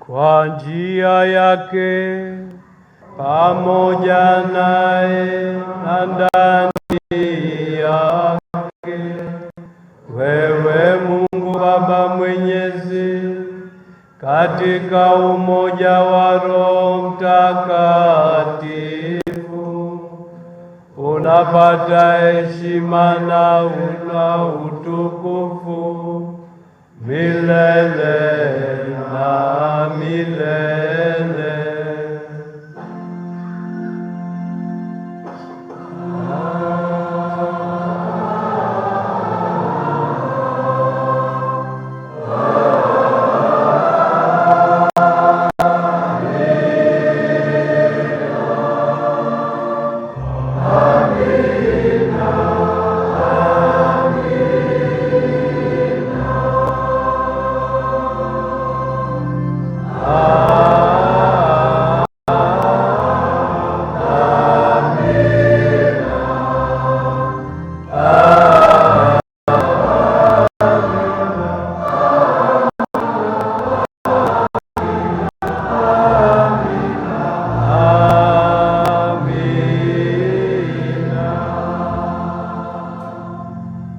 kwa njia yake pamoja naye na ndani yake. Wewe Mungu Baba Mwenyezi, katika umoja wa Roho Mtakatifu, unapata heshima na una utukufu milele